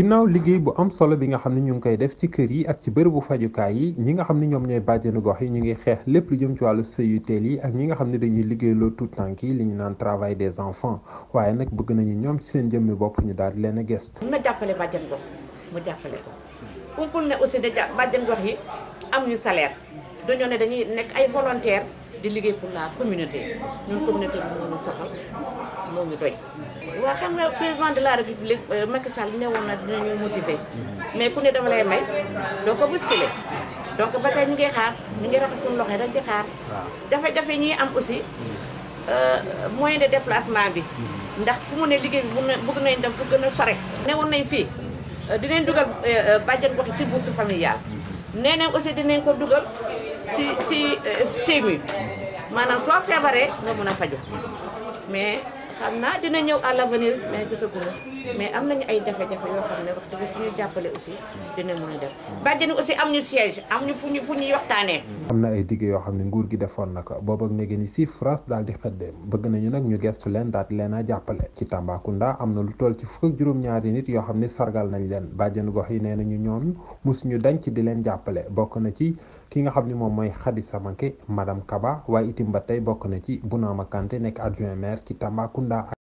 ginnaaw liggéey bu am solo bi nga xam ne ñu ngi koy def ci kër yi ak ci bërëbu fajukaay yi ñi nga xam ne ñoom ñooy bàjjenu gox yi ñu ngi xeex lépp lu jëm ci wàllu sëy yu yi ak ñi nga xam ne dañuy liggéeyloo tout temps yi li ñu naan travail des enfants waaye nag bëgg nañu ñoom ci seen jëmmi bopp ñu daal di leen a gestu. na jàppale bàjjen gox mu jàppale ko pour ne aussi déjà bàjjen gox yi am ñu salaire dañoo ne dañuy nekk ay volontaire di liggéey pour la communauté ñun communauté bi ñu soxal moo waa xam nga président de la république euh, Macky Sall ne woon na dinañu motiver mais ku ne dama lay may doo ko bousculer donc ba tey ñu ngi xaar ñu ngi raxas suñu loxo rek di xaar. jafe-jafe ñuy am aussi euh, mooy de déplacement bi. ndax fu mu ne liggéey bi bëgg nañ dem fu gën a sore. ne woon nañ fii euh, dinañ dugal bàjjen gox ci bourse familiale. nee nañ aussi dinañ ko dugal si ci CMU maanaam soo feebaree nga mën a fajo mais. xam naa dina ñëw à l'avenir mais gisaguma mais am nañu ay jafe-jafe yoo xam ne wax dëgg suñu jàppale aussi dina mën def bàjjen aussi am ñu siège am ñu fu ñu fu am na ay digg yoo xam ne nguur gi defoon na ko boobu ak léegi ni si France daal di xëddee bëgg nañu nag ñu gestu leen daal di leen a jàppale ci Tambacounda am na lu toll ci fukk ak juróom-ñaari nit yoo xam ne sargal nañ leen bàjjenu gox yi nee nañu ñoom mosuñu dañ ci di leen jàppale bokk na ci ki nga xam ne moom mooy Khady Samanké madame Kaba waaye itam ba tey bokk na ci Bounama Kanté nekk ci Tambacounda 된다.